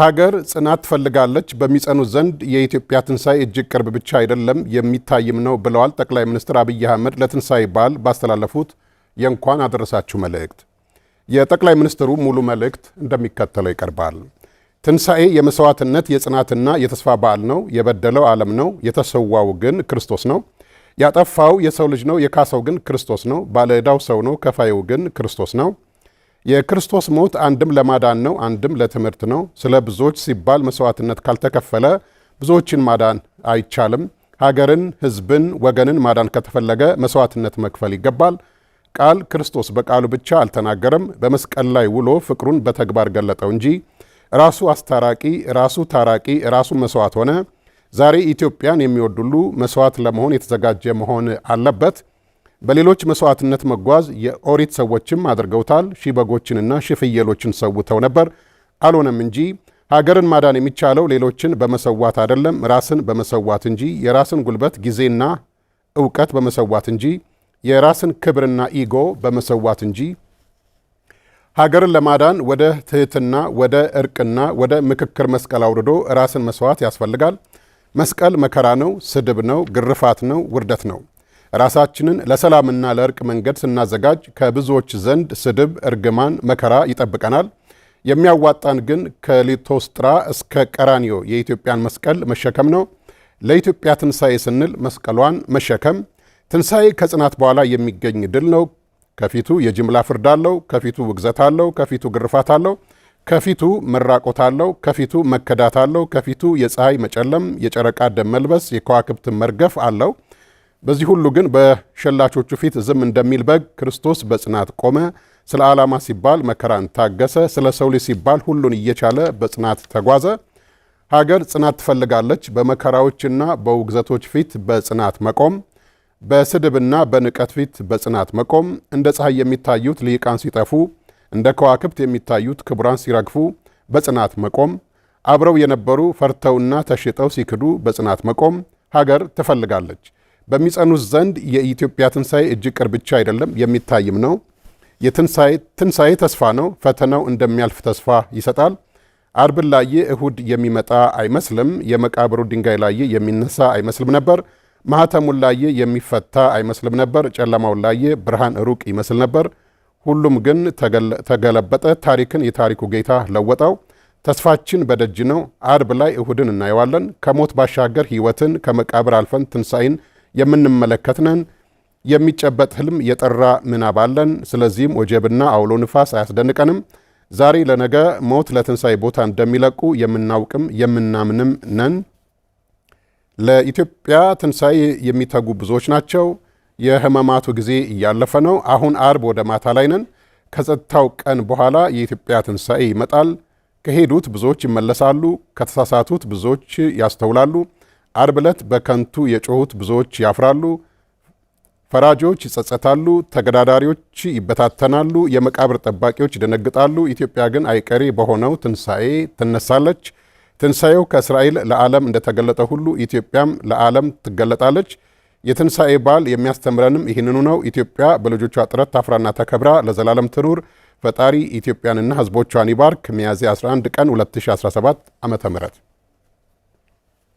ሀገር ጽናት ትፈልጋለች በሚጸኑት ዘንድ የኢትዮጵያ ትንሣኤ እጅግ ቅርብ ብቻ አይደለም የሚታይም ነው ብለዋል ጠቅላይ ሚኒስትር አብይ አህመድ ለትንሣኤ በዓል ባስተላለፉት የእንኳን አደረሳችሁ መልእክት። የጠቅላይ ሚኒስትሩ ሙሉ መልእክት እንደሚከተለው ይቀርባል። ትንሣኤ የመሥዋዕትነት የጽናትና የተስፋ በዓል ነው። የበደለው ዓለም ነው፣ የተሰዋው ግን ክርስቶስ ነው። ያጠፋው የሰው ልጅ ነው፣ የካሰው ግን ክርስቶስ ነው። ባለዕዳው ሰው ነው፣ ከፋዩ ግን ክርስቶስ ነው። የክርስቶስ ሞት አንድም ለማዳን ነው፣ አንድም ለትምህርት ነው። ስለ ብዙዎች ሲባል መስዋዕትነት ካልተከፈለ ብዙዎችን ማዳን አይቻልም። ሀገርን፣ ህዝብን ወገንን ማዳን ከተፈለገ መስዋዕትነት መክፈል ይገባል። ቃል ክርስቶስ በቃሉ ብቻ አልተናገረም፣ በመስቀል ላይ ውሎ ፍቅሩን በተግባር ገለጠው እንጂ ራሱ አስታራቂ፣ ራሱ ታራቂ፣ ራሱ መስዋዕት ሆነ። ዛሬ ኢትዮጵያን የሚወድ ሁሉ መስዋዕት ለመሆን የተዘጋጀ መሆን አለበት። በሌሎች መሥዋዕትነት መጓዝ የኦሪት ሰዎችም አድርገውታል። ሺህ በጎችንና ሺህ ፍየሎችን ሰውተው ነበር፣ አልሆነም እንጂ። ሀገርን ማዳን የሚቻለው ሌሎችን በመሰዋት አይደለም፣ ራስን በመሰዋት እንጂ። የራስን ጉልበት ጊዜና እውቀት በመሰዋት እንጂ፣ የራስን ክብርና ኢጎ በመሰዋት እንጂ። ሀገርን ለማዳን ወደ ትህትና፣ ወደ እርቅና ወደ ምክክር መስቀል አውርዶ ራስን መስዋዕት ያስፈልጋል። መስቀል መከራ ነው፣ ስድብ ነው፣ ግርፋት ነው፣ ውርደት ነው። ራሳችንን ለሰላምና ለእርቅ መንገድ ስናዘጋጅ ከብዙዎች ዘንድ ስድብ፣ እርግማን፣ መከራ ይጠብቀናል። የሚያዋጣን ግን ከሊቶስጥራ እስከ ቀራኒዮ የኢትዮጵያን መስቀል መሸከም ነው። ለኢትዮጵያ ትንሣኤ ስንል መስቀሏን መሸከም። ትንሣኤ ከጽናት በኋላ የሚገኝ ድል ነው። ከፊቱ የጅምላ ፍርድ አለው፣ ከፊቱ ውግዘት አለው፣ ከፊቱ ግርፋት አለው፣ ከፊቱ መራቆት አለው፣ ከፊቱ መከዳት አለው፣ ከፊቱ የፀሐይ መጨለም፣ የጨረቃ ደም መልበስ፣ የከዋክብት መርገፍ አለው። በዚህ ሁሉ ግን በሸላቾቹ ፊት ዝም እንደሚል በግ ክርስቶስ በጽናት ቆመ። ስለ ዓላማ ሲባል መከራን ታገሰ። ስለ ሰው ልጅ ሲባል ሁሉን እየቻለ በጽናት ተጓዘ። ሀገር ጽናት ትፈልጋለች። በመከራዎችና በውግዘቶች ፊት በጽናት መቆም፣ በስድብና በንቀት ፊት በጽናት መቆም። እንደ ፀሐይ የሚታዩት ልሂቃን ሲጠፉ፣ እንደ ከዋክብት የሚታዩት ክቡራን ሲረግፉ በጽናት መቆም። አብረው የነበሩ ፈርተውና ተሽጠው ሲክዱ በጽናት መቆም ሀገር ትፈልጋለች። በሚጸኑት ዘንድ የኢትዮጵያ ትንሣኤ እጅግ ቅርብ ብቻ አይደለም፣ የሚታይም ነው። የትንሣኤ ተስፋ ነው። ፈተናው እንደሚያልፍ ተስፋ ይሰጣል። አርብን ላየ እሁድ የሚመጣ አይመስልም። የመቃብሩ ድንጋይ ላየ የሚነሳ አይመስልም ነበር። ማኅተሙን ላየ የሚፈታ አይመስልም ነበር። ጨለማውን ላየ ብርሃን ሩቅ ይመስል ነበር። ሁሉም ግን ተገለበጠ። ታሪክን የታሪኩ ጌታ ለወጠው። ተስፋችን በደጅ ነው። አርብ ላይ እሁድን እናየዋለን። ከሞት ባሻገር ሕይወትን ከመቃብር አልፈን ትንሣኤን የምንመለከት ነን። የሚጨበጥ ህልም የጠራ ምናብ አለን። ስለዚህም ወጀብና አውሎ ንፋስ አያስደንቀንም። ዛሬ ለነገ ሞት ለትንሣኤ ቦታ እንደሚለቁ የምናውቅም የምናምንም ነን። ለኢትዮጵያ ትንሣኤ የሚተጉ ብዙዎች ናቸው። የህመማቱ ጊዜ እያለፈ ነው። አሁን አርብ ወደ ማታ ላይ ነን። ከጸጥታው ቀን በኋላ የኢትዮጵያ ትንሣኤ ይመጣል። ከሄዱት ብዙዎች ይመለሳሉ። ከተሳሳቱት ብዙዎች ያስተውላሉ። አርብ ዕለት በከንቱ የጮሁት ብዙዎች ያፍራሉ፣ ፈራጆች ይጸጸታሉ፣ ተገዳዳሪዎች ይበታተናሉ፣ የመቃብር ጠባቂዎች ይደነግጣሉ። ኢትዮጵያ ግን አይቀሬ በሆነው ትንሣኤ ትነሳለች። ትንሣኤው ከእስራኤል ለዓለም እንደተገለጠ ሁሉ ኢትዮጵያም ለዓለም ትገለጣለች። የትንሣኤ በዓል የሚያስተምረንም ይህንኑ ነው። ኢትዮጵያ በልጆቿ ጥረት ታፍራና ተከብራ ለዘላለም ትኑር። ፈጣሪ ኢትዮጵያንና ሕዝቦቿን ይባርክ። ሚያዝያ 11 ቀን 2017 ዓ ም